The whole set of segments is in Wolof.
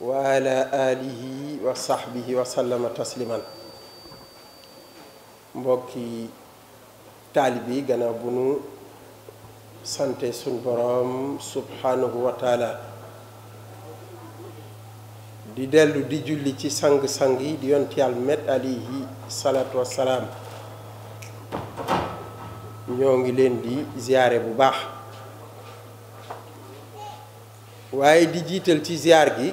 wa ala alihi wa sahbihi wa sallama tasliman mbokki taalib yi gannaaw bu nu sante suñ boroom subhanahu wa di dellu di julli ci sang-sang yi di yonti yàlla met alayhi salaatu wassalaam ñoo ngi leen di ziyaare bu baax waaye di jiital ci ziyaar gi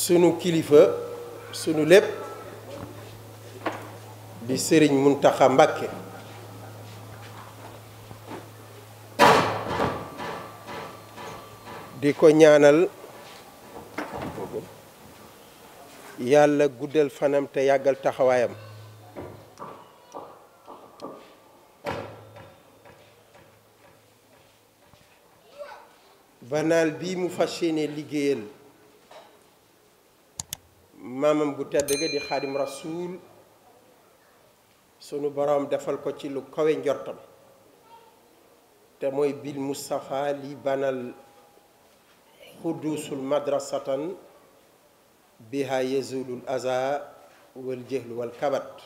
sunu kilifa sunu lépp di sëriñ taxa Mbàkke di ko ñaanal yàlla guddal fanam te yàggal taxawaayam banaal bii mu fas yéene liggéeyal maamam gu tedd ga di xaadim rasuul sunu boroom defal ko ci lu kawe njortam te mooy bil Mustafa li banal xuduusul madrasatan biha yazulul aza wal jëhlu wal kabat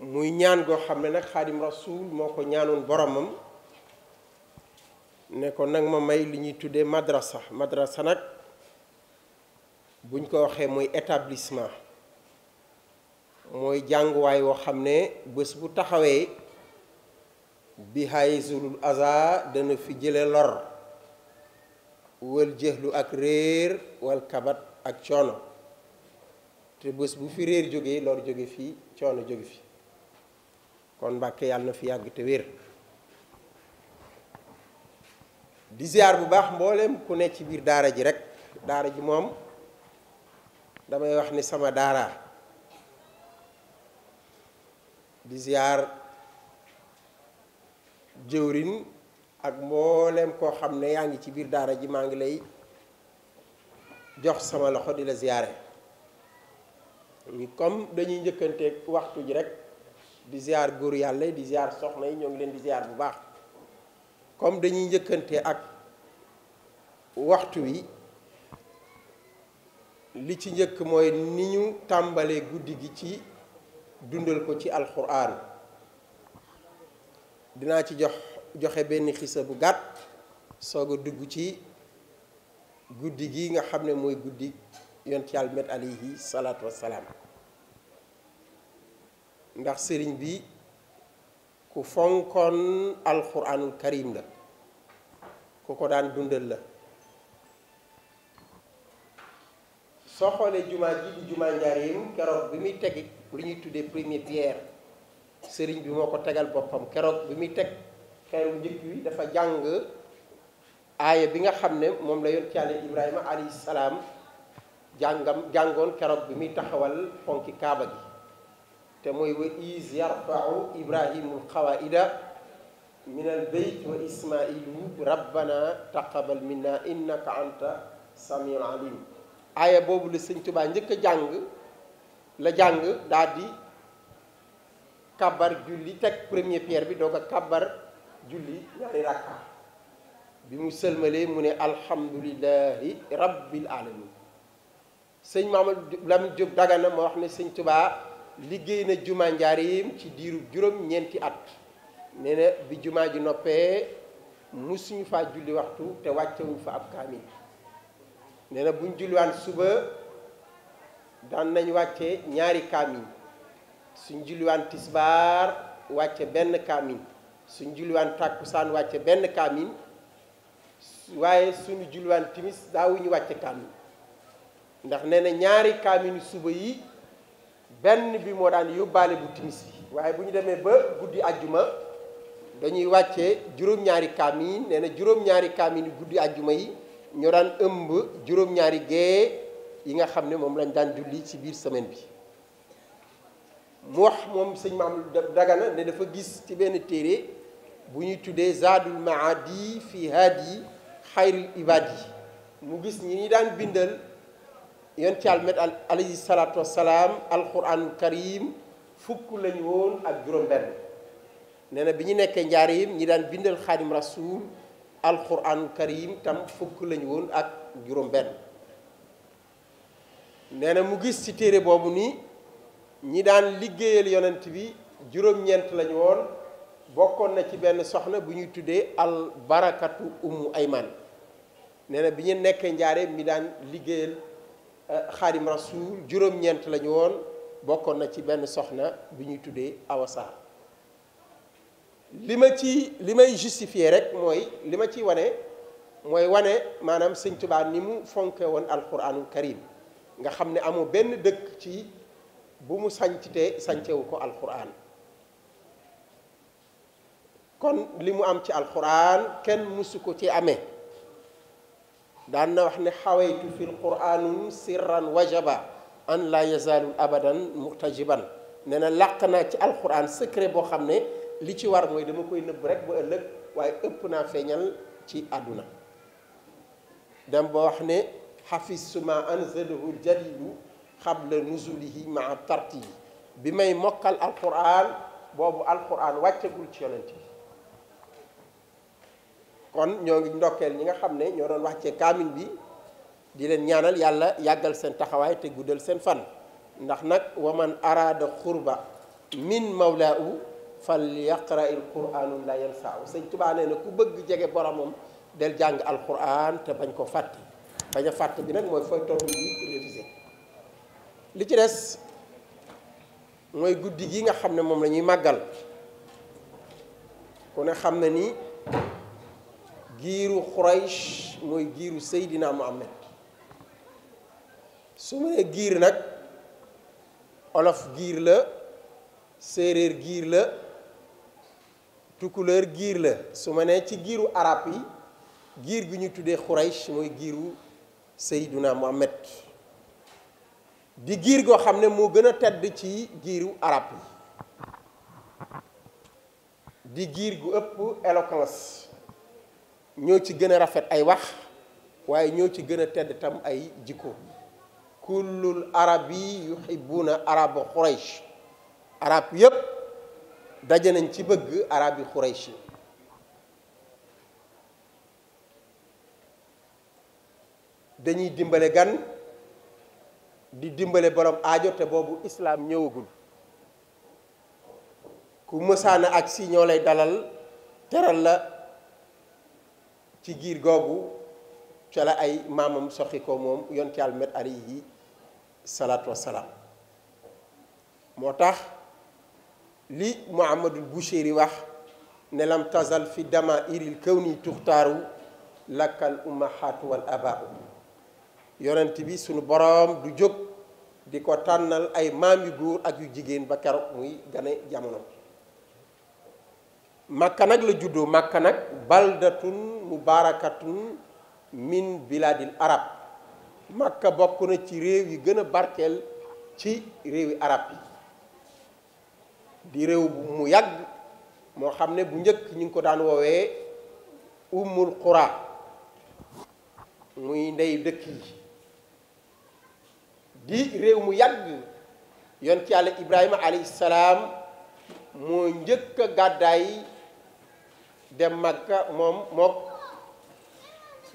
muy ñaan goo xam ne nag xaadim rasuul moo ko ñaanoon boromam ne ko nag ma may li ñuy tuddee madrasa madrasa nag buñ ko waxee muy établissement mooy jànguwaay woo xam ne bés bu taxawee bi haysulul aza dana fi jële lor wal jëxlu ak réer wal kabat ak coono te bés bu fi réer jógee lor jóge fi coono jóge fi kon Mbàkke yàlla na fi yàgg te wér di ziar bu baax mboolem ku nekk ci biir daara ji rek daara ji moom damay wax ni sama daara di ziar jëwrin ak mboolem koo xam ne yaa ngi ci biir daara ji maa ngi lay jox sama loxo di la ziare comme dañuy njëkkanteeg waxtu ji rekk di ziar góor yàlla di ziar soxna yi ñoo ngi leen di ziar bu baax comme dañuy njëkkante ak waxtu wi li ci njëkk mooy ni ñu tàmbalee guddi gi ci dundal ko ci alxuraan dinaa ci jox joxe benn xisa bu gàtt soog a dugg ci guddi gi nga xam ne mooy guddi yont yàlla met alayhi salaatu wassalaam ndax sëriñ bi ku fonkoon alxuraanul karim la ku ko daan dundal la soo xoolee jumaa ji di jumaa njaareem keroog bi muy tegi lu ñuy tuddee premier pierre sëriñ bi moo ko tegal boppam keroog bi muy teg xeeru njëkk wi dafa jàng aaya bi nga xam ne moom la yoon ci Yàlla Ibrahima salaam jàngam jàngoon keroog bi muy taxawal fonki kaaba gi te mooy wa is yarfau ibrahimul xawaida min al beyt wa rabbana taqabal minna innaka anta samiul alim aaya boobu la sëñ Tuubaa njëkk jàng la jàng daal di kabar julli teg premier pierre bi doog a kabar julli ñaari rakka bi mu sëlmalee mu ne alhamdulillahi rabbil alamin sëñ Mamadou Lamine Diop moo wax ne sëñ Tuubaa liggéey na jumaa njaareem ci diiru juróom ñeenti at nee bi jumaa ji noppee mu suñu faa julli waxtu te wàccewuñ fa ab kaamil nee na buñ julliwaan suba daan nañ wàcce ñaari kaamin suñ julliwaan tisbaar wàcce benn kaamin suñ julliwaan tàkkusaan wàcce benn kaamin waaye suñu julliwaan timis daawuñu wàcce kaamin ndax nee na ñaari kaaminu suba yi benn bi moo daan yóbbaale bu timis yi waaye bu ñu demee ba guddi ajjuma dañuy wàcce juróom-ñaari kaamin nee na juróom-ñaari kaamin guddi ajjuma yi ñoo daan ëmb juróom-ñaari gée yi nga xam ne moom lañ daan julli ci biir semaine bi mu wax moom sëñ Maam Dagana ne dafa gis ci benn téere bu ñuy tuddee Zadul Maadi fi Hadi Xayril Ibad yi mu gis ñi ñi daan bindal yon ci almet alayhi salaatu wassalaam alquranul karim fukk lañu woon ak juróom benn nee bi ñu nekkee njaariim ñi daan bindal Xaadim Rasuul alquranul karim tam fukk lañu woon ak juróom benn nee na mu gis ci téere boobu nii ñi daan liggéeyal yonent bi juróom-ñeent lañu woon bokkoon na ci benn soxna bu ñuy tuddee al barakatu ummu ayman nee bi ñu nekkee njaare mi daan liggéeyal eh, xaadim rasul juróom-ñeent lañu woon bokkoon na ci benn soxna bu ñuy tuddee awasa li ma ci li may justifier rek mooy li ma ci wane mooy wane maanaam sëñ ni mu fonke woon alquranul karim nga xam ne amu benn dëkk ci bu mu sañcte sañcewu ko alquran kon li mu am ci alquran kenn musu ko ci amee daan na wax ne xawaytu fi alquranum sirran wajaba an la yazaalu abadan mutajiban nee na làq naa ci alquran secret boo xam ne li ci war mooy dama koy nëbb rekk ba ëllëg waaye ëpp naa feeñal ci àdduna dem ba wax ne xafis suma anzalahu jalilu xabla nuzulihi maa tarti yi bi may mokkal alquran boobu alquran wàccagul ci yonent bi kon ñoo ngi ndokkeel ñi nga xam ne ñoo doon wàccee kaamin bi di leen ñaanal yàlla yàggal seen taxawaay te guddal seen fan ndax nag waman araada xurba min mawlaa fal yaqra il quranu la yanfaaw sëñ Tubaa na ku bëgg jege boromam del jàng alquran te bañ koo fàtte bañ fàtte bi nag mooy fooy tollu bi révisé li ci des mooy guddi gi nga xam ne moom la ñuy màggal ku ne xam ne ni giiru Quraysh mooy giiru Seydina Muhammad su ma nee giir nag olof giir la séeréer giir la tukkuleer giir la su ma nee ci giiru arab yi giir gi ñu tuddee Xuraysh mooy giiru Seyduna Muhammad di giir goo xam ne moo gën a tedd ci giiru arab yi di giir gu ëpp éloquence ñoo ci gën a rafet ay wax waaye ñoo ci gën a tedd tam ay jikko kullul arab yi yuhibbuna araba Xuraysh arab yépp daje nañ ci bëgg arab yi xuraysh yi dañuy dimbale gan di dimbale borom aajo te boobu islaam ñëwagul ku mësaana ak si ñoo lay dalal teral la ci giir googu ca la ay maamam soxi ko moom yonte yàlla met alayhi salaatu wassalaam moo tax li Muhammadul Busheeri wax ne lam tazal fi dama iril kaw nii tuxtaaru lakkal ummahaatu wal abaau yonent bi sunu boroom du jóg di ko tànnal ay maam yu góor ak yu jigéen ba keroog muy gane jamono makka nag la juddoo makka nag baldatun mubaarakatun min bilaadil arab makka bokk na ci réew yi gën a barkeel ci réewi arab yi di réew mu yàgg moo xam ne bu njëkk ñu ngi ko daan woowee ummul qura muy ndey dëkk yi di réew mu yàgg yoon ci yàlla ibrahima alayhi salaam moo njëkk gàddaay dem Makka moom mook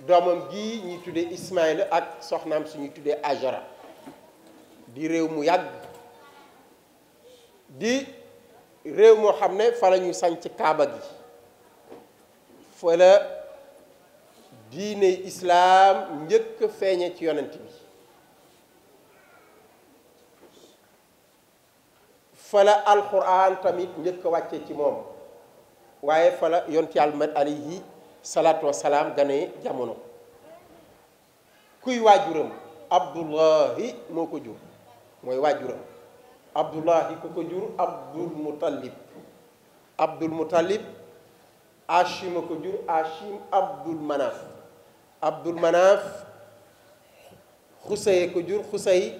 doomam gi ñuy tuddee Ismaïla ak soxnaam suñuy tuddee Ajara di réew mu yàgg di réew moo xam ne fa la ñu sanc kaaba gi fa la diine islaam njëkk feeñe ci yonent bi fa la alquran tamit njëkk wàcce ci moom waaye fala la yonent yàlla mat alayhi salaatu wasalaam gane jamono kuy waajuram abdullahi moo ko jur mooy waajuram abdullahi ku ko jur abdul mutallib abdul mutallib ko jur ashim abdul manaaf abdul manaaf ko jur xusay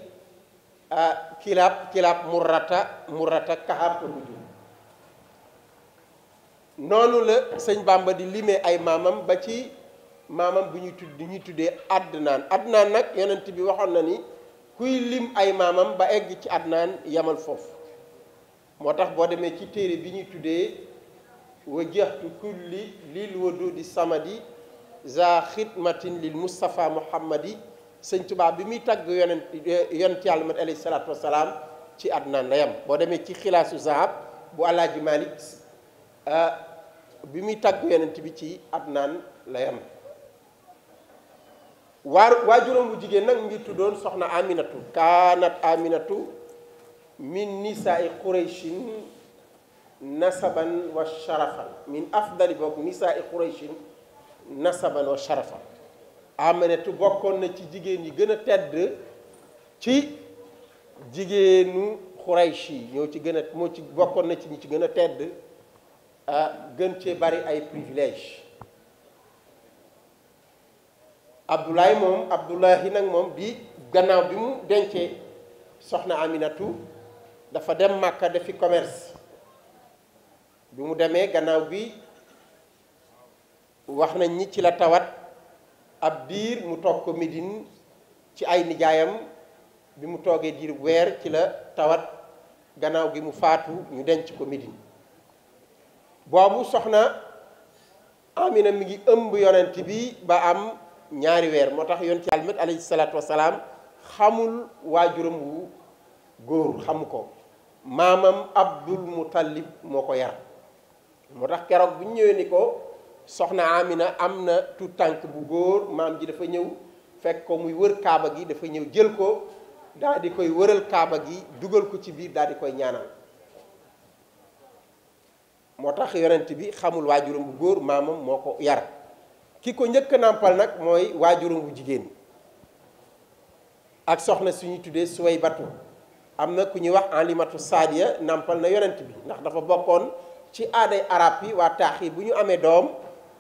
kilaab kilaab murrata murrata kaxaab ko ko jur noonu la sëñ Bàmba di limee ay maamam ba ci maamam bu ñuy tudd ñuy tuddee àddunaan àddunaan nag yonent bi waxoon na ni kuy lim ay maamam ba egg ci adnaan yamal foofu moo tax boo demee ci téere bi ñuy tuddee wajjahtu kulli lil wadudi samadi za xidmatin lil mustafa muhammadi sëñ tubaab bi muy tàgg yonent yonent yàlla mat alayhi salaatu wasalaam ci adnaan la yam boo demee ci xilaasu zahab bu alaaji malik ah, bi muy tagg yonent bi ci adnaan la yam waar waajuram bu jigéen nag ngir tuddoon soxna aminatu kaanat aminatu min nisaai qurayshin nasaban wa sharafan min afdali bokk nisaai qurayshin nasaban wa sharafan aminatu bokkoon na ci jigéen yi gën a tedd ci jigéenu quraysh yi ñoo ci gën a moo ci bokkoon na ci ñi ci gën a tedd ah, gën cee bari ay privilège Abdoulaye moom Abdoulahi nag moom bi gannaaw bi mu dencee soxna Aminatu dafa dem Màkka defi commerce bi mu demee gannaaw bi wax nañ ni ci la tawat ab diir mu toog ko Médine ci ay nijaayam bi mu toogee diir weer ci la tawat gannaaw gi mu faatu ñu denc ko Médine boobu soxna Amina mi ngi ëmb yonent bi ba am ñaari weer moo tax yoon ci almet alayhi salaatu wasalaam xamul waajuram wu góor xamu ko maamam abdul mutallib moo ko yar moo tax keroog bu ñëwee ni ko soxna amina am na tu tànk bu góor maam ji dafa ñëw fekk ko muy wër kaaba gi dafa ñëw jël ko dal di koy wëral kaaba gi dugal ko ci biir daal di koy ñaanal moo tax yonent bi xamul waajuram bu góor maamam moo ko yar ki ko njëkk nàmpal nag mooy waajuram bu jigéen ak soxna suñu tuddee suway batu am na ku ñuy wax Alimatu Saadiya nàmpal na yonent bi ndax dafa bokkoon ci aaday arab bi waa taaxi bu ñu amee doom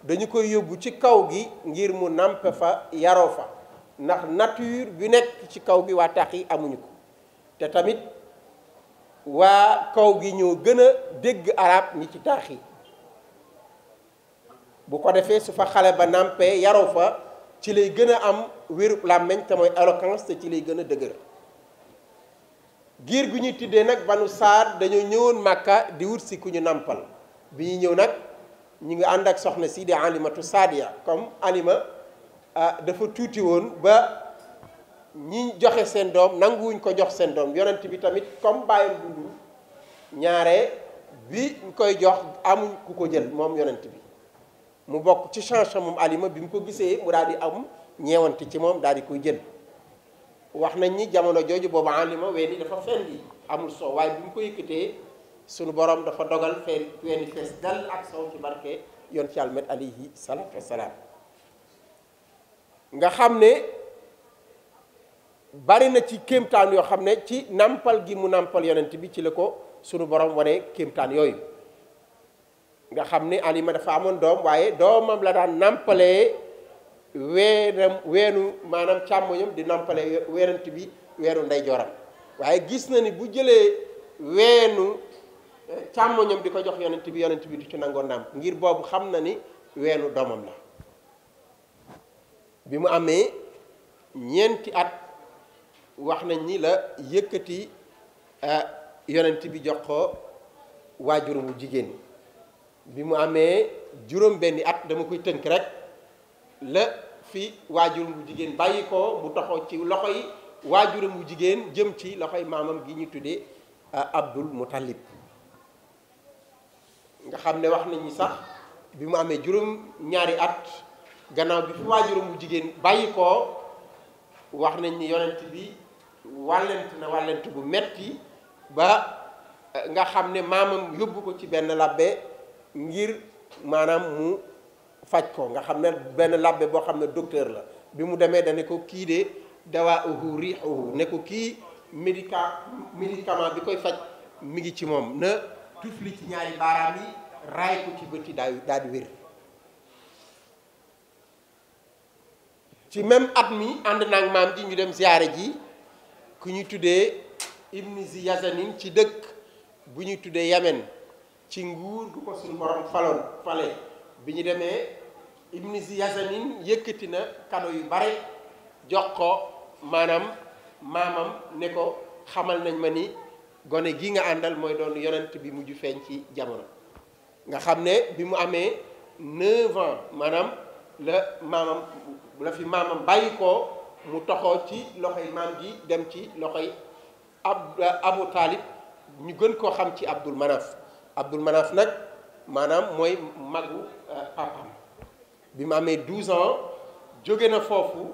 dañu koy yóbbu ci kaw gi ngir mu nàmpe fa yaroo fa ndax nature bi nekk ci kaw gi waa taax amuñu ko te tamit waa kaw gi ñoo gën a dégg arab ñi ci taaxi bu ko defee su fa xale ba nàmpee yaroo fa ci lay gën a am wérub làmmeñ te mooy éloquence te ci lay gën a dëgër giir gu ñuy tuddee nag banu saad dañoo ñëwoon màkka di wut si ku ñu nàmpal bi ñuy ñëw nag ñu ngi ànd ak soxna si di alimatu saadiya comme alima ah, dafa tuuti woon ba ñi joxe seen doom nanguwuñ ko jox seen doom yonent bi tamit comme bàyyam dundul ñaare bi ñu koy jox amuñ ku ko jël moom yonent bi mu bokk ci changement moom alima bi mu ko gisee mu daal di am ñeewante ci moom daal di koy jël wax nañ ni jamono jooju boobu alima ween yi dafa fen gi amul soow waaye bi mu ko yëkkatee sunu borom dafa dogal fee weeni dal ak soow ci barke yoon ci almet alayhi salaatu nga xam ne bari na ci kéemtaan yoo xam ne ci nàmpal gi mu nàmpal yonent bi ci la ko sunu borom wane kéemtaan yooyu nga xam ni ma dafa amoon doom waaye doomam la daan nampalee weeram weenu maanaam càmmoñam di nampalee weerant bi weeru ndeyjooram waaye gis na ni bu jëlee weenu eh, càmmoñam di ko jox yonent bi yonent bi du ci nangoo nàmp ngir boobu xam na ni weenu doomam la bi mu amee ñeenti at wax nañ ni la yëkkati eh, yonent bi jox ko waajurum wu jigéen bi mu amee juróom benni at dama koy tënk rek la fi waajuram bu jigéen bàyyi ko mu toxo ci loxo yi waajuram bu jigéen jëm ci loxo yi maamam gi ñu tuddee euh, Abdul Muttalib nga xam ne wax nañu sax bi mu amee juróom ñaari at gannaaw bi fi waajuram bu jigéen bàyyi ko wax nañ ni yonent bi wàllent na wàllent bu metti ba euh, nga xam ne maamam yóbbu ko ci benn labbe ngir maanaam mu faj ko nga xam ne benn labbe boo xam ne docteur la bi mu demee dane ko kii de dawaa uhu riixuhu ne ko kii médica médicament bi koy faj mi ngi ci moom na li ci ñaari baaraam yi raay ko ci bëti daal daal di wér ci même at mi ànd naa maam ji ñu dem ziyaare ji ku ñu tuddee ibni zi yazanin ci dëkk bu ñuy tuddee yamen ci nguur gu ko suñu borom faloon fale bi ñu demee ibni yasamin yëkkati na kado yu bare jox ko maanaam maamam ne ko xamal nañ ma ni gone gi nga àndal mooy doon yonent bi mujju feeñ ci jamono nga xam ne bi mu amee neuf ans maanaam la maamam la fi maamam bàyyi koo mu toxoo ci loxoy maam ji dem ci loxoy ab abu taalib ñu gën koo xam ci abdul manaf Abdoul Manaf nag maanaam mooy magu euh, papam bi mu amee 12 ans jóge na foofu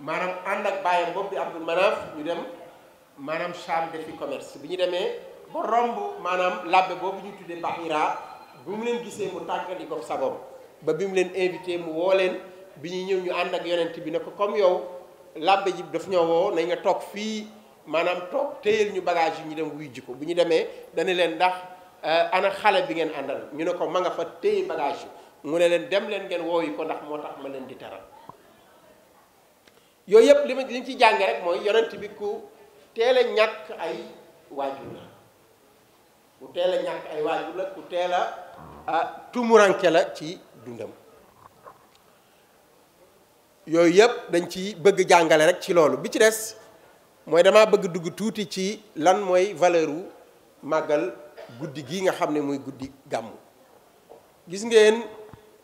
maanaam ànd ak bàyyam boobu di Abdoul Manaf ñu dem maanaam Cham defi commerce bi ñu demee ba romb maanaam labbe boobu ñu tuddee Bahira bi mu leen gisee mu tàggali ko sagoom ba bi mu leen invité mu woo leen bi ñuy ñëw ñu ànd ak yonent bi ne ko comme yow labbe ji daf ñoo woo nañ nga toog fii maanaam toog téyel ñu bagage yi ñu dem wuy ji ko bu ñu demee dana leen ndax Euh, ana xale bi ngeen àndal ñu ne ko ma nga fa téye bagage yi mu ne leen dem leen ngeen wooyu ko ndax moo tax ma leen di teral yooyu yëpp li ma li ñu ci jànge mooy yonent bi ku teel a ñàkk ay waajur la a ñàkk ay waajur la ku la ci dundam yooyu yëpp dañ ci bëgg jàngale rek ci loolu bi ci des mooy dama bëgg dugg tuuti ci lan mooy valeur u màggal guddi gii nga xam ne muy guddi gàmmu gis ngeen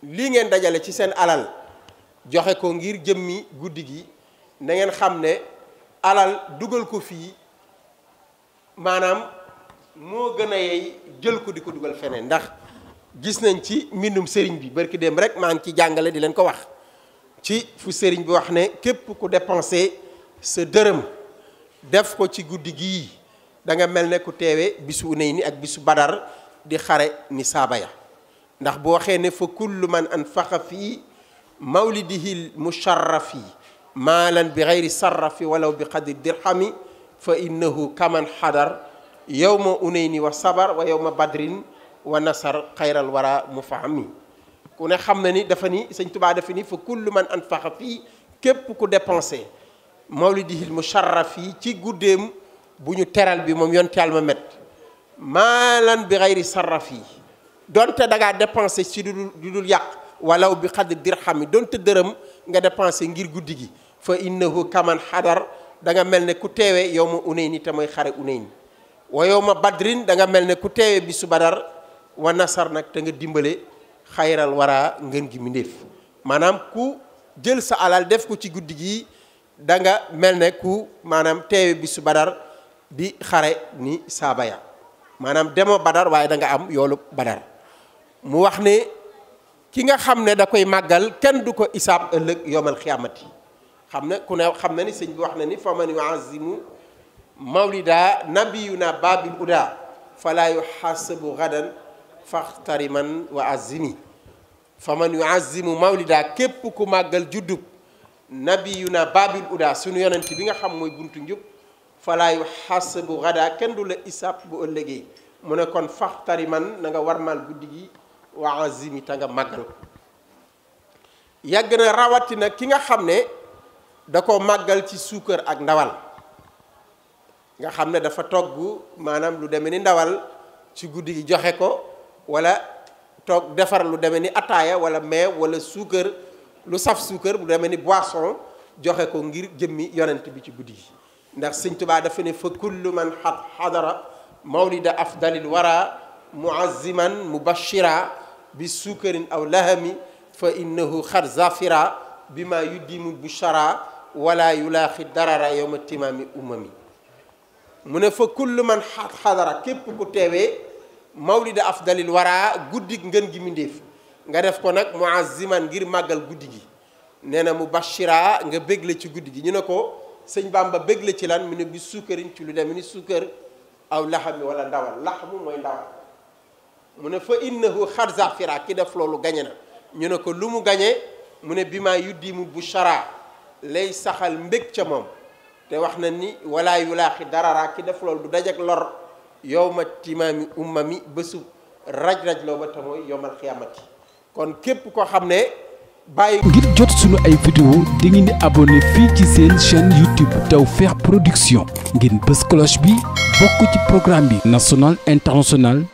lii ngeen dajale ci seen alal joxe ko ngir jëmmi guddi gi nangeen xam ne alal dugal ko fii maanaam moo gën a yey jël ko di ko dugal feneen ndax gis nañ ci mbindum sëriñ bi barki dem rek maa ngi ci jàngale di leen ko wax ci fu sëriñ bi wax ne képp ku dépensé sa dërëm def ko ci guddi gii da nga mel ne ku teewee bisu Unayni ak bisu Badar di xare ni saaba ya ndax boo xee ne fa kullu man anfaqa fii mawlidihi musharrafi maalan bi gayri sarrafi walaw bi qadri dirhami fa innahu kaman xadar yowma Unayni wa sabar wa yowma badrin wa mu fahami ku xam na ni dafa ni sëñ Tubaa dafa ni fa kullu man an fii képp ku dépensé mawlidihi musharrafi ci guddeem bu ñu teral bi moom yonte yàlla ma met maalan bi xayri sarraf yi donte da ngaa dépensé ci du dul yàq walaw bi xadd xam yi donte dërëm nga dépensé ngir guddi gi fa ko kaman xadar da nga mel ne ku teewe yow ma unayni mooy xare unayni wa yow ma badrin da mel ne ku teewee bi su badar wa nasar nag te nga dimbale xayral wara ngën gi mindéef maanaam ku jël sa alal def ko ci guddi gi da nga mel ne ku maanaam teewe bisu su badar bi xare ni saaba ya maanaam demoo badar waaye danga am yoolu badar mu wax ne ki nga xam ne da koy màggal kenn du ko isaab ëllëg yowmal xiyaamati xam ne ku ne xam ne ni sëñ bi wax na ni fa man yuazimu mawlida nabiyuna babil uda fala yuhasabu gadan faxtariman wa azimi fa man yuazimu mawlida képp ku màggal juddub nabiyuna babil uda sunu yonent bi nga xam mooy buntu njub falaa xas bu xadaa kenn du la isaab bu ëllëgee mu ne kon faxtari man na war warmal guddi gi waa azimi ta nga màggal yàgg na rawatina ki nga xam ne da ko màggal ci suukar ak ndawal nga xam ne dafa togg maanaam lu deme ni ndawal ci guddi gi joxe ko walla toog defar lu deme ni ataaya wala meew wala suukar lu saf suukar bu deme ni boisson joxe ko ngir jëmmi yonent bi ci guddi gi ndax sëñ tubaa dafa ne fa kullu man xad xadara mawlida afdalil wara muaziman mubashira bi suukarin aw lahami fa innahu xad zafira bi ma yuddimu bushara wala yulaaxi darara yowma timaami umami mu ne fa kullu man xad xadara képp ku teewee mawlida afdalil wara guddi ngën gi mindéef nga def ko nag muaziman ngir màggal guddi gi nee na mubashira nga bégle ci guddi gi ñu ne ko sëñ baam ba bëgg la ci lan mu ne bi sukkarin ci lu dem ni sukkar aw laxami wala ndawal laxmu mooy ndawal mu ne fa innahu xar zafira ki def loolu gañe na ñu ne ko lu mu gañee mu ne bi maa yuddimu bu shara lay saxal mbég ca moom te wax na ni walaa yu laaxi dararaa ki def loolu du dajak lor yow ma timaami umma mi bésu raj-raj loo ba te mooy yowmal xiyaamati kon képp ko xam ne bàyyi. ngir jot sunu ay vidéo di ngeen di abonné fii ci seen chaîne YouTube feex Production ngeen bës cloche bi bokk ci programme bi national international.